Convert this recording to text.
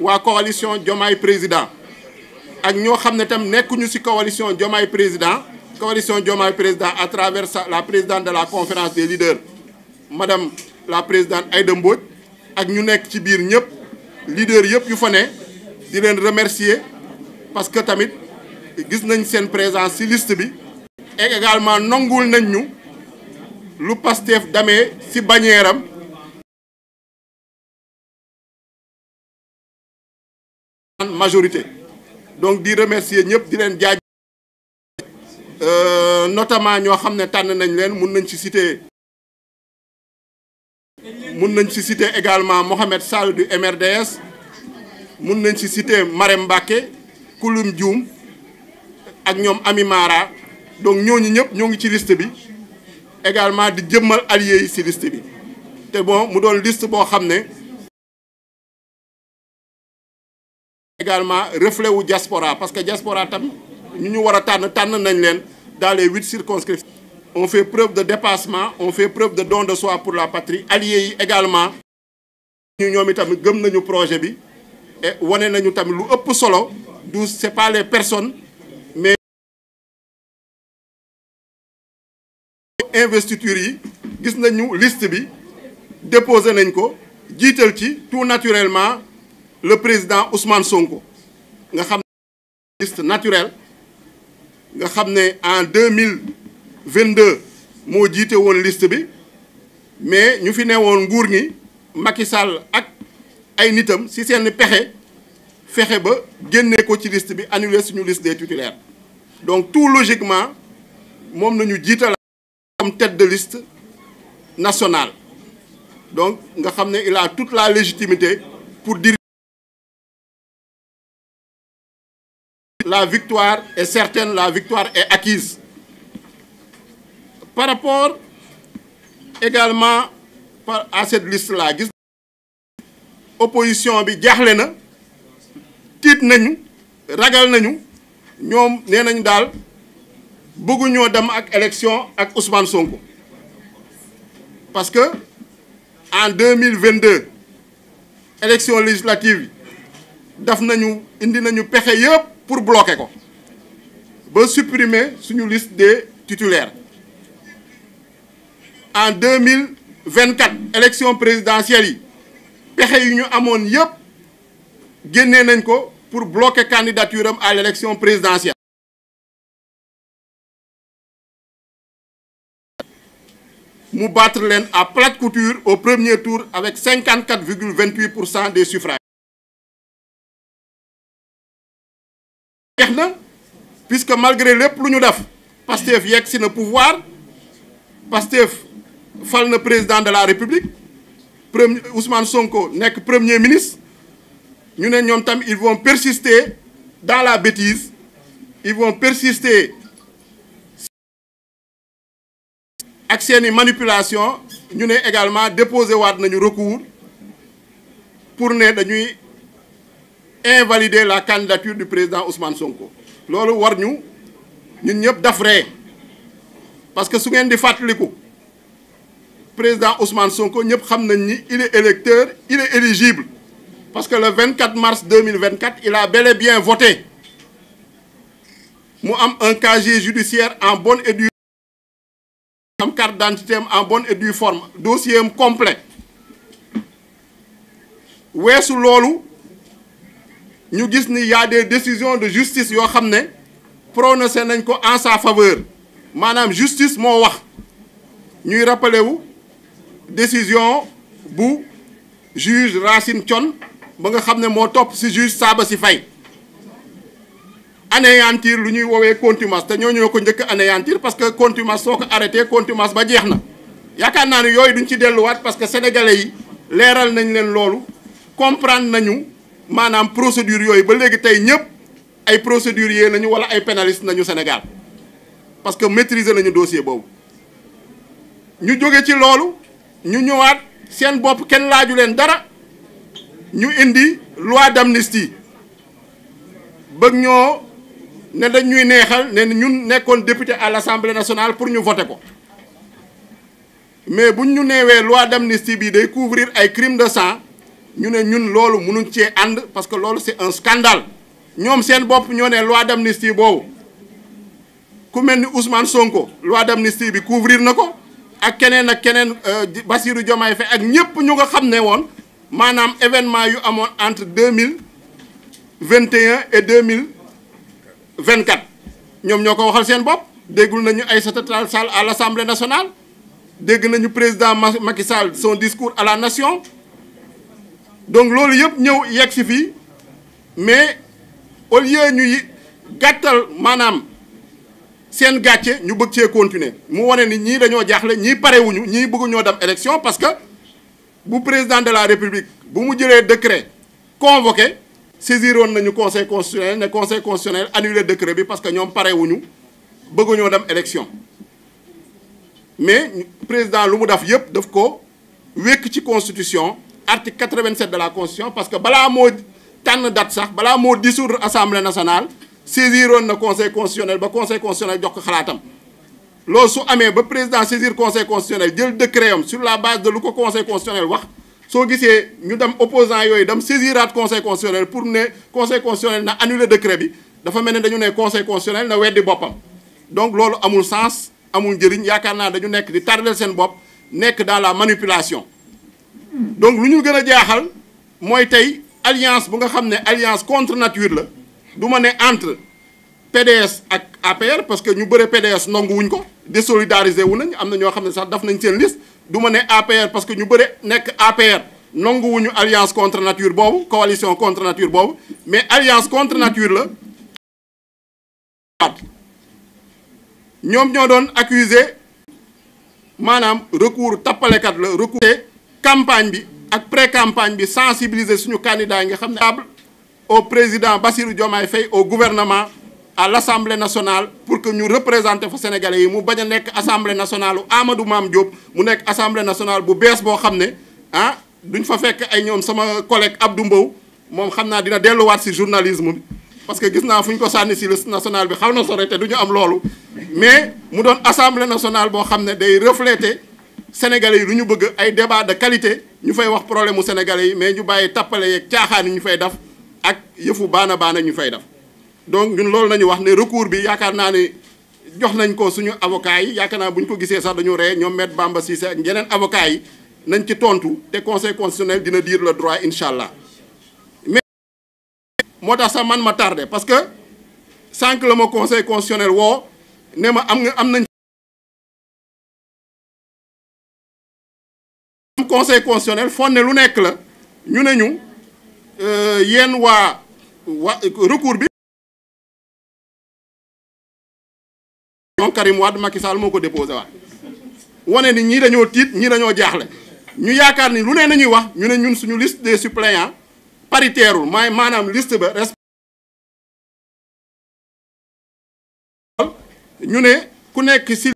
waa coalition Diomaye Président ak ñoo xam ne tam nekkuñu ci coalition Diomaye Président coalition Diomaye Président à travers la président de la conférence des leaders madame la président Aïda Mbodj ak ñu nekk ci biir ñëpp leaders yëpp yu fa ne di leen remercier parce que tamit gis nañ seen présence ci liste bi et également nongul nañ ñu lu Pastef damee ci bannière am majorité donc di remercier ñëpp di leen jaaj euh, notament ñoo xam ne tànn nañ leen mun nañ ci citer mun nañ ci citer également Mohamed Sall du MRDS mun nañ ci citer Marème Mbacké Kouloum Dioum ak ñoom Ami Mara donc ñooñu ñëpp ñoo ngi ci liste bi également di jëmmal alliés yi ci liste bi te bon mu doon liste boo xam ne également reflet wu jaspora parce que jaspora tam ñu ñu war a tànn tànn nañ leen dans les huit circonscriptions. on fait preuve de dépassement on fait preuve de don de pour la patrie alliés yi également. ñu ñoom itam gëm nañu projet bi et wane nañu tamit lu ëpp solo du c'est pas les personnes mais investiture yi gis nañu list bi déposé nañ ko jiital ci tout naturellement le président Ousmane Sonko nga xam ne liste naturelle nga xam ne en deux mille vingt deux moo jiite woon liste bi mais ñu fi ne woon nguur gi Macky Sall ak ay nitam si seen pexe fexe ba génne ko ci liste bi annuler suñu liste des titulaires donc tout logiquement moom nañu jiital comme tête de liste nationale donc nga xam ne il tout la légitimité pour la victoire est certaine, la victoire est acquise. Par rapport également à cette liste-là, opposition bi jaaxle na tiit nañu ragal nañu ñoom nee nañu daal bëgguñoo dem ak élection ak Ousmane Sonko parce que en deux mille vingt deux élection législative def nañu indi nañu pexe yëpp pour bloquer ko ba supprimer suñu liste des titulaires en deux mille vingt quatre élection présidentielle yi pexe yu ñu amoon yëpp génnee nañ ko pour bloquer candidature am à l' élection présidentielle. mu battre leen à plate couture au premier tour avec cinquante quatre virgule vingt huit pour cent des suffrages. neex na puisque malgré lépp lu ñu def Pastef yegg si na pouvoir Pastef fal na président de la république premier Ousmane Sonko nekk premier ministre ñu ne ñoom tam ils vont persister dans la bêtise ils vont persister ak seeni manipulation ñu ne également déposé waat nañu recours pour ne dañuy invalider la candidature du président Ousmane Sonko loolu war ñu ñun ñëpp daf parce que su ngeen di fàttaliku président Ousmane Sonko ñëpp xam nañ ni il est électeur éligible parce que le 24 mars 2024 il a bel et bien voté mu am un casier judiciaire en bonne et due am carte d'identité en bonne et due forme dossier am complet weesu loolu ñu gis ni y a des décisions de justice yoo xam ne prononcé nañ ko en sa faveur maanaam justice moo wax ñuy rappelé wu décision bu juge Racine Thion ba nga xam ne moo topp ci juge Sabassy Faye anéantir lu ñuy woowee contumace te ñoo ñoo ko njëkk anéantir parce que contumace soo ko arrêté contumace ba jeex na yaakaar naa ne yooyu duñ ci delluwaat parce que sénégalais yi leeral nañ leen loolu comprendre nañu maanaam procédure yooyu ba léegi tey ñëpp ay procédures yee nañu wala ay pénaliste nañu Sénégal parce que maîtriser nañu dossier boobu ñu jóge ci loolu ñu ñëwaat seen bopp kenn laaju leen dara ñu indi loi d'amnistie bëgg ñoo ne dañ ñuy neexal ne ñun nekkoon député à l'Assemblée nationale pour ñu voter ko mais buñ ñu neewee loi d'amnistie bi day couvrir ay crimes de sang ñu ne ñun loolu mënuñ cee ànd parce que loolu c'est un scandale ñoom seen bopp ñoo ne loi d'amnistie boobu ku mel ni Ousmane Sonko loi d'amnistie bi couvrir na ko ak keneen ak keneen euh, Bassirou Diomaye fe ak ñëpp ñu nga xam ne woon maanaam événement yu amoon entre deux mille vingt et un et deux mille vingt quatre ñoom ñoo ko waxal seen bopp déggul nañu ay Tall Sall à l'Assemblée nationale dégg nañu président Macky Sall son discours à la nation donc loolu yëpp ñëw yegg si fii mais au lieu ñuy gàttal maanaam seen gàcce ñu bëgg cee continuer mu wane ni ñii dañoo jaaxle ñii parewuñu ñii bëggu ñoo dem élection parce que bu président de la république bu mu jëlee décret convoqué saisiroon nañu conseil constitutionnel ne conseil constitutionnel annulé décret bi parce que ñoom parewuñu bëggu ñoo dem élection mais président lu mu def yëpp daf ko wékk ci constitution article 87 de la constitution parce que balaa moo tànn date sax balaa moo dissoudre assemblée nationale saisiroon na conseil constitutionnel ba conseil constitutionnel jox ko xalaatam loolu su amee ba président saisir conseil constitutionnel jël décret am sur la base de lu ko conseil constitutionnel wax soo gisee ñu dem opposant yooyu dem saisiraat conseil constitutionnel pour ne conseil constitutionnel na annuler décret bi dafa mel ne dañu ne conseil constitutionnel na weddi boppam donc loolu amul sens amul njëriñ yaakaar naa dañu nekk di tardel seen bopp nekk dans la manipulation donc lu ñu gën a jaaxal mooy tey alliance bu nga xam ne alliance contre nature la du ma ne entre PDS ak APR parce que ñu bëre PDS nangu wuñ ko désolidariser wu nañ am na ñoo xam ne sax daf nañ seen liste du ma ne APR parce que ñu bëre nekk APR nangu wuñu alliance contre nature boobu coalition contre nature boobu mais alliance contre nature la ñoom ñoo doon accuser maanaam recours tappalekat la recours campagne bi ak pré campagne bi sensibiliser suñu candidat yi nga xam ne au président Bassirou Diomaye Faye au gouvernement à l'Assemblée nationale pour que ñu représenté fa sénégalais yi mu bañ a nekk assemblée nationale u Amadou Mame Diop mu nekk assemblée nationale bu bees boo xam ne ah duñ fa fekk ay ñoom sama collègue Abdou Mbow moom xam naa dina delluwaat si journalisme bi parce que gis naa fu ñu ko sànni si liste nationale bi xaw na sore te du ñu am loolu mais mu doon assemblée nationale boo xam ne day refléter sénégalais yi lu ñu bëgg ay débat de qualité ñu fay wax problème mu sénégalais yi mais ñu bàyyi tappale yeeg caaxaan yi ñu fay def ak yëfu baana baana ñu fay def donc ñun loolu nañu wax ne recours bi yaakaar naa ne jox nañ ko suñu avocat yi yaakaar naa buñ ko gisee sax dañu ree ñoom maître Bamba si ak yeneen avocat yi nañ ci tontu te conseil constitutionnel dina diir la droit incha allah mais moo tax sax man ma tardé parce que sànq la ma conseil constitutionnel woo ne ma am am nañ conseil constitutionnel fonne lu nekk la ñu ne ñu euh, yenn waa wa recours bi. donc Karim Wade Macky Sall moo ko déposé waat wane ni ñii dañoo tiit ñii dañoo jaaxle ñu yaakaar ni lu nee nañuy wax ñu ne ñun suñu liste des suppléants paritaire ul maay maanaam liste ba respect